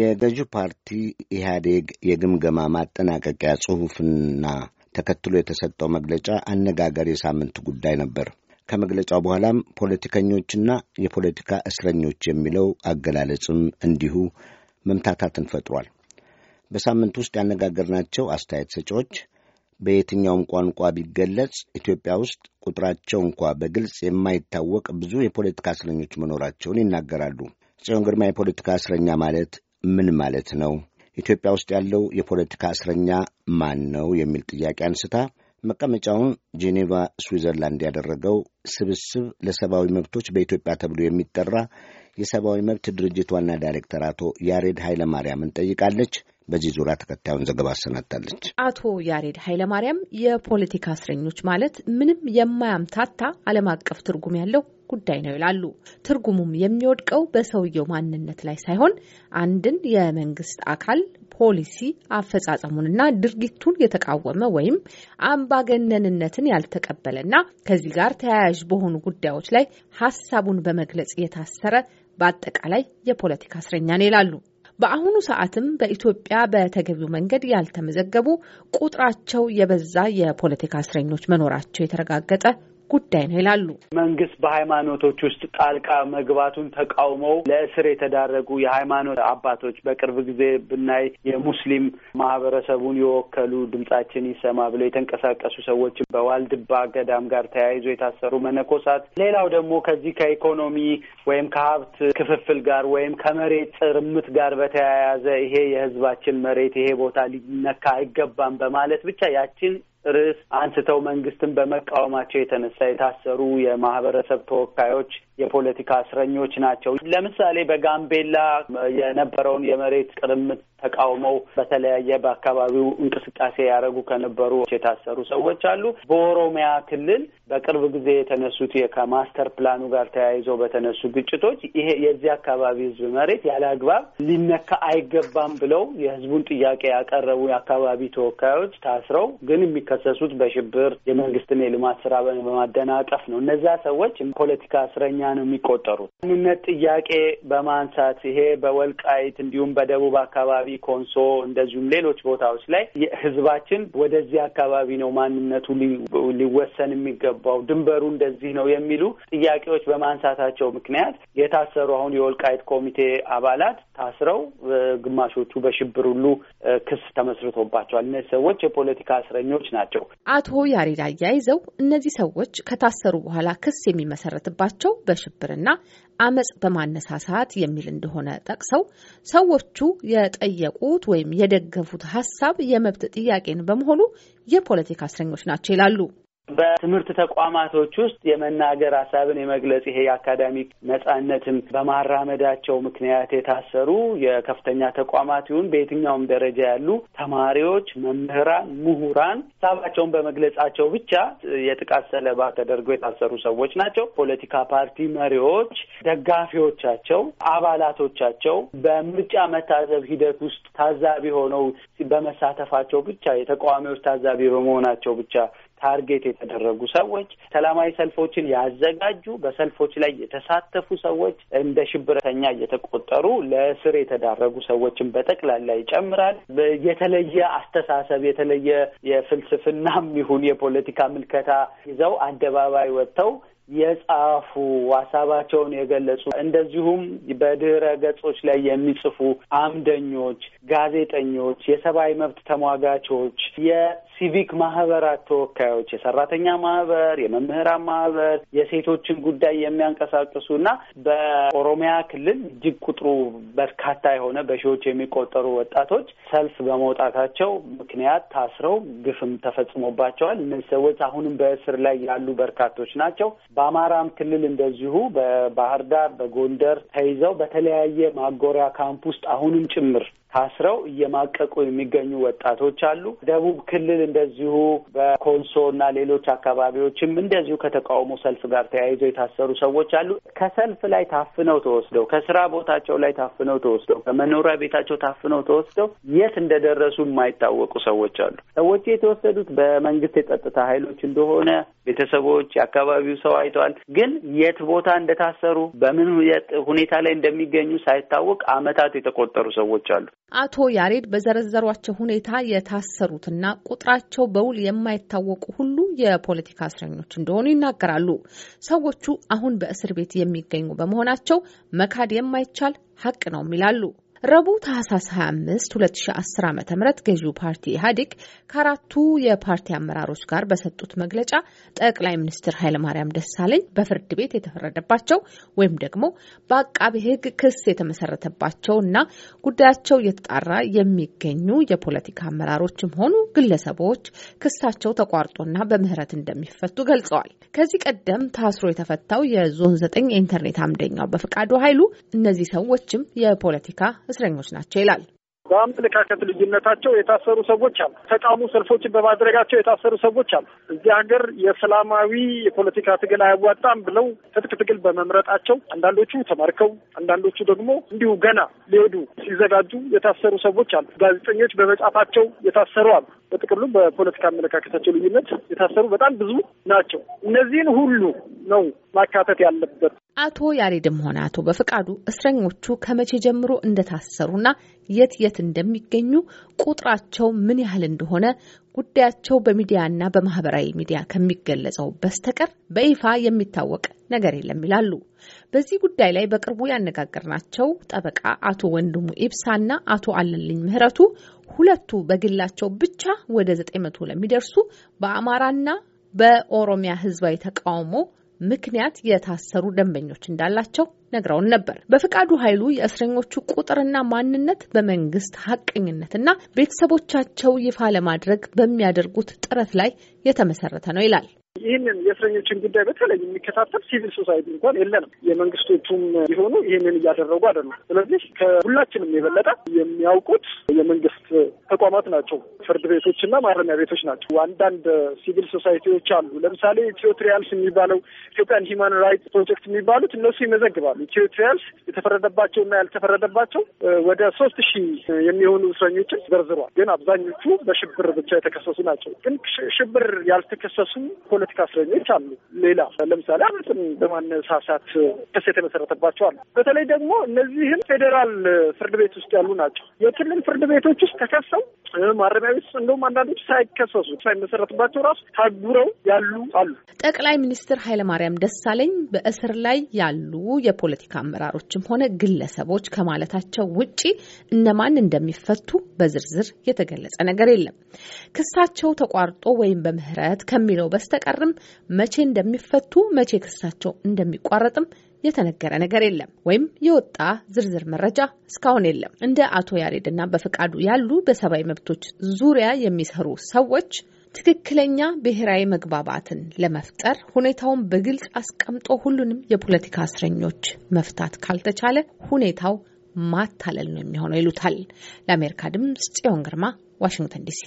የገዢው ፓርቲ ኢህአዴግ የግምገማ ማጠናቀቂያ ጽሑፍና ተከትሎ የተሰጠው መግለጫ አነጋጋሪ የሳምንት ጉዳይ ነበር። ከመግለጫው በኋላም ፖለቲከኞችና የፖለቲካ እስረኞች የሚለው አገላለጽም እንዲሁ መምታታትን ፈጥሯል። በሳምንት ውስጥ ያነጋገርናቸው አስተያየት ሰጪዎች በየትኛውም ቋንቋ ቢገለጽ ኢትዮጵያ ውስጥ ቁጥራቸው እንኳ በግልጽ የማይታወቅ ብዙ የፖለቲካ እስረኞች መኖራቸውን ይናገራሉ። ጽዮን ግርማ የፖለቲካ እስረኛ ማለት ምን ማለት ነው? ኢትዮጵያ ውስጥ ያለው የፖለቲካ እስረኛ ማን ነው? የሚል ጥያቄ አንስታ መቀመጫውን ጄኔቫ ስዊዘርላንድ ያደረገው ስብስብ ለሰብአዊ መብቶች በኢትዮጵያ ተብሎ የሚጠራ የሰብአዊ መብት ድርጅት ዋና ዳይሬክተር አቶ ያሬድ ኃይለማርያምን ጠይቃለች። በዚህ ዙሪያ ተከታዩን ዘገባ አሰናድታለች። አቶ ያሬድ ኃይለማርያም የፖለቲካ እስረኞች ማለት ምንም የማያምታታ ዓለም አቀፍ ትርጉም ያለው ጉዳይ ነው ይላሉ። ትርጉሙም የሚወድቀው በሰውየው ማንነት ላይ ሳይሆን አንድን የመንግስት አካል ፖሊሲ አፈጻጸሙንና ድርጊቱን የተቃወመ ወይም አምባገነንነትን ያልተቀበለና ከዚህ ጋር ተያያዥ በሆኑ ጉዳዮች ላይ ሀሳቡን በመግለጽ የታሰረ በአጠቃላይ የፖለቲካ እስረኛ ነው ይላሉ። በአሁኑ ሰዓትም በኢትዮጵያ በተገቢው መንገድ ያልተመዘገቡ ቁጥራቸው የበዛ የፖለቲካ እስረኞች መኖራቸው የተረጋገጠ ጉዳይ ነው ይላሉ። መንግስት በሃይማኖቶች ውስጥ ጣልቃ መግባቱን ተቃውመው ለእስር የተዳረጉ የሃይማኖት አባቶች በቅርብ ጊዜ ብናይ የሙስሊም ማህበረሰቡን የወከሉ ድምጻችን ይሰማ ብለው የተንቀሳቀሱ ሰዎች በዋልድባ ገዳም ጋር ተያይዞ የታሰሩ መነኮሳት፣ ሌላው ደግሞ ከዚህ ከኢኮኖሚ ወይም ከሀብት ክፍፍል ጋር ወይም ከመሬት ጥርምት ጋር በተያያዘ ይሄ የህዝባችን መሬት ይሄ ቦታ ሊነካ አይገባም በማለት ብቻ ያችን ርዕስ አንስተው መንግስትን በመቃወማቸው የተነሳ የታሰሩ የማህበረሰብ ተወካዮች የፖለቲካ እስረኞች ናቸው። ለምሳሌ በጋምቤላ የነበረውን የመሬት ቅርምት ተቃውመው በተለያየ በአካባቢው እንቅስቃሴ ያደረጉ ከነበሩ የታሰሩ ሰዎች አሉ። በኦሮሚያ ክልል በቅርብ ጊዜ የተነሱት ከማስተር ፕላኑ ጋር ተያይዘው በተነሱ ግጭቶች ይሄ የዚህ አካባቢ ህዝብ መሬት ያለ አግባብ ሊነካ አይገባም ብለው የህዝቡን ጥያቄ ያቀረቡ የአካባቢ ተወካዮች ታስረው ግን የሚ የሚከሰሱት በሽብር የመንግስትን የልማት ስራ በማደናቀፍ ነው። እነዛ ሰዎች ፖለቲካ እስረኛ ነው የሚቆጠሩት። ማንነት ጥያቄ በማንሳት ይሄ በወልቃይት እንዲሁም በደቡብ አካባቢ ኮንሶ፣ እንደዚሁም ሌሎች ቦታዎች ላይ ህዝባችን ወደዚህ አካባቢ ነው ማንነቱ ሊወሰን የሚገባው ድንበሩ እንደዚህ ነው የሚሉ ጥያቄዎች በማንሳታቸው ምክንያት የታሰሩ አሁን የወልቃይት ኮሚቴ አባላት ታስረው ግማሾቹ በሽብር ሁሉ ክስ ተመስርቶባቸዋል። እነዚህ ሰዎች የፖለቲካ እስረኞች ናቸው። አቶ ያሬድ አያይዘው እነዚህ ሰዎች ከታሰሩ በኋላ ክስ የሚመሰረትባቸው በሽብርና አመፅ በማነሳሳት የሚል እንደሆነ ጠቅሰው ሰዎቹ የጠየቁት ወይም የደገፉት ሀሳብ የመብት ጥያቄን በመሆኑ የፖለቲካ እስረኞች ናቸው ይላሉ። በትምህርት ተቋማቶች ውስጥ የመናገር ሀሳብን የመግለጽ ይሄ የአካዳሚክ ነጻነትም በማራመዳቸው ምክንያት የታሰሩ የከፍተኛ ተቋማት ይሁን በየትኛውም ደረጃ ያሉ ተማሪዎች፣ መምህራን፣ ምሁራን ሀሳባቸውን በመግለጻቸው ብቻ የጥቃት ሰለባ ተደርገው የታሰሩ ሰዎች ናቸው። ፖለቲካ ፓርቲ መሪዎች፣ ደጋፊዎቻቸው፣ አባላቶቻቸው በምርጫ መታዘብ ሂደት ውስጥ ታዛቢ ሆነው በመሳተፋቸው ብቻ የተቃዋሚዎች ታዛቢ በመሆናቸው ብቻ ታርጌት የተደረጉ ሰዎች፣ ሰላማዊ ሰልፎችን ያዘጋጁ፣ በሰልፎች ላይ የተሳተፉ ሰዎች እንደ ሽብረተኛ እየተቆጠሩ ለእስር የተዳረጉ ሰዎችን በጠቅላላ ይጨምራል። የተለየ አስተሳሰብ፣ የተለየ የፍልስፍናም ይሁን የፖለቲካ ምልከታ ይዘው አደባባይ ወጥተው የጻፉ ሀሳባቸውን የገለጹ እንደዚሁም በድህረ ገጾች ላይ የሚጽፉ አምደኞች፣ ጋዜጠኞች፣ የሰብአዊ መብት ተሟጋቾች፣ ሲቪክ ማህበራት ተወካዮች፣ የሰራተኛ ማህበር፣ የመምህራን ማህበር፣ የሴቶችን ጉዳይ የሚያንቀሳቅሱ እና በኦሮሚያ ክልል እጅግ ቁጥሩ በርካታ የሆነ በሺዎች የሚቆጠሩ ወጣቶች ሰልፍ በመውጣታቸው ምክንያት ታስረው ግፍም ተፈጽሞባቸዋል። እነዚህ ሰዎች አሁንም በእስር ላይ ያሉ በርካቶች ናቸው። በአማራም ክልል እንደዚሁ በባህር ዳር፣ በጎንደር ተይዘው በተለያየ ማጎሪያ ካምፕ ውስጥ አሁንም ጭምር ታስረው እየማቀቁ የሚገኙ ወጣቶች አሉ። ደቡብ ክልል እንደዚሁ በኮንሶ እና ሌሎች አካባቢዎችም እንደዚሁ ከተቃውሞ ሰልፍ ጋር ተያይዘው የታሰሩ ሰዎች አሉ። ከሰልፍ ላይ ታፍነው ተወስደው፣ ከስራ ቦታቸው ላይ ታፍነው ተወስደው፣ ከመኖሪያ ቤታቸው ታፍነው ተወስደው የት እንደደረሱ የማይታወቁ ሰዎች አሉ። ሰዎች የተወሰዱት በመንግስት የጸጥታ ኃይሎች እንደሆነ ቤተሰቦች፣ የአካባቢው ሰው አይተዋል። ግን የት ቦታ እንደታሰሩ በምን ሁኔታ ላይ እንደሚገኙ ሳይታወቅ አመታት የተቆጠሩ ሰዎች አሉ። አቶ ያሬድ በዘረዘሯቸው ሁኔታ የታሰሩትና ቁጥራቸው በውል የማይታወቁ ሁሉ የፖለቲካ እስረኞች እንደሆኑ ይናገራሉ። ሰዎቹ አሁን በእስር ቤት የሚገኙ በመሆናቸው መካድ የማይቻል ሀቅ ነው ይላሉ። ረቡዕ ታህሳስ 25 2010 ዓ ም ገዢው ፓርቲ ኢህአዴግ ከአራቱ የፓርቲ አመራሮች ጋር በሰጡት መግለጫ ጠቅላይ ሚኒስትር ኃይለማርያም ደሳለኝ በፍርድ ቤት የተፈረደባቸው ወይም ደግሞ በአቃቢ ሕግ ክስ የተመሰረተባቸው እና ጉዳያቸው እየተጣራ የሚገኙ የፖለቲካ አመራሮችም ሆኑ ግለሰቦች ክሳቸው ተቋርጦና በምህረት እንደሚፈቱ ገልጸዋል። ከዚህ ቀደም ታስሮ የተፈታው የዞን ዘጠኝ የኢንተርኔት አምደኛው በፍቃዱ ኃይሉ እነዚህ ሰዎችም የፖለቲካ እስረኞች ናቸው ይላል። በአመለካከት ልዩነታቸው የታሰሩ ሰዎች አሉ። ተቃውሞ ሰልፎችን በማድረጋቸው የታሰሩ ሰዎች አሉ። እዚህ ሀገር የሰላማዊ የፖለቲካ ትግል አያዋጣም ብለው ትጥቅ ትግል በመምረጣቸው አንዳንዶቹ ተማርከው፣ አንዳንዶቹ ደግሞ እንዲሁ ገና ሊሄዱ ሲዘጋጁ የታሰሩ ሰዎች አሉ። ጋዜጠኞች በመጻፋቸው የታሰሩ አሉ። በጥቅሉ በፖለቲካ አመለካከታቸው ልዩነት የታሰሩ በጣም ብዙ ናቸው። እነዚህን ሁሉ ነው ማካተት ያለበት። አቶ ያሬድም ሆነ አቶ በፈቃዱ እስረኞቹ ከመቼ ጀምሮ እንደታሰሩና የት የት እንደሚገኙ ቁጥራቸው ምን ያህል እንደሆነ ጉዳያቸው በሚዲያና በማህበራዊ ሚዲያ ከሚገለጸው በስተቀር በይፋ የሚታወቅ ነገር የለም ይላሉ። በዚህ ጉዳይ ላይ በቅርቡ ያነጋገርናቸው ጠበቃ አቶ ወንድሙ ኢብሳና አቶ አለልኝ ምህረቱ ሁለቱ በግላቸው ብቻ ወደ 900 ለሚደርሱ በአማራና በኦሮሚያ ህዝባዊ ተቃውሞ ምክንያት የታሰሩ ደንበኞች እንዳላቸው ነግረውን ነበር። በፍቃዱ ኃይሉ የእስረኞቹ ቁጥርና ማንነት በመንግስት ሀቀኝነትና ቤተሰቦቻቸው ይፋ ለማድረግ በሚያደርጉት ጥረት ላይ የተመሰረተ ነው ይላል። ይህንን የእስረኞችን ጉዳይ በተለይ የሚከታተል ሲቪል ሶሳይቲ እንኳን የለንም። የመንግስቶቹም ቢሆኑ ይህንን እያደረጉ አይደሉም። ስለዚህ ከሁላችንም የበለጠ የሚያውቁት የመንግስት ተቋማት ናቸው። ፍርድ ቤቶችና ማረሚያ ቤቶች ናቸው። አንዳንድ ሲቪል ሶሳይቲዎች አሉ። ለምሳሌ ኢትዮ ትሪያልስ የሚባለው ኢትዮጵያን ሂማን ራይት ፕሮጀክት የሚባሉት እነሱ ይመዘግባሉ። ኢትዮ ትሪያልስ ና ያልተፈረደባቸው ወደ ሶስት ሺህ የሚሆኑ እስረኞችን ዘርዝሯል። ግን አብዛኞቹ በሽብር ብቻ የተከሰሱ ናቸው። ግን ሽብር ያልተከሰሱ ፖለቲካ እስረኞች አሉ። ሌላ ለምሳሌ አመፅን በማነሳሳት ክስ የተመሰረተባቸው አሉ። በተለይ ደግሞ እነዚህም ፌዴራል ፍርድ ቤት ውስጥ ያሉ ናቸው። የክልል ፍርድ ቤቶች ውስጥ ተከሰው ነው። ማረሚያ ቤት እንደውም አንዳንዶች ሳይከሰሱ ሳይመሰረትባቸው ራሱ ታጉረው ያሉ አሉ። ጠቅላይ ሚኒስትር ኃይለማርያም ደሳለኝ በእስር ላይ ያሉ የፖለቲካ አመራሮችም ሆነ ግለሰቦች ከማለታቸው ውጪ እነማን እንደሚፈቱ በዝርዝር የተገለጸ ነገር የለም። ክሳቸው ተቋርጦ ወይም በምህረት ከሚለው በስተቀርም መቼ እንደሚፈቱ መቼ ክሳቸው እንደሚቋረጥም የተነገረ ነገር የለም ወይም የወጣ ዝርዝር መረጃ እስካሁን የለም። እንደ አቶ ያሬድና በፈቃዱ ያሉ በሰብአዊ መብቶች ዙሪያ የሚሰሩ ሰዎች ትክክለኛ ብሔራዊ መግባባትን ለመፍጠር ሁኔታውን በግልጽ አስቀምጦ ሁሉንም የፖለቲካ እስረኞች መፍታት ካልተቻለ ሁኔታው ማታለል ነው የሚሆነው ይሉታል። ለአሜሪካ ድምፅ ጽዮን ግርማ ዋሽንግተን ዲሲ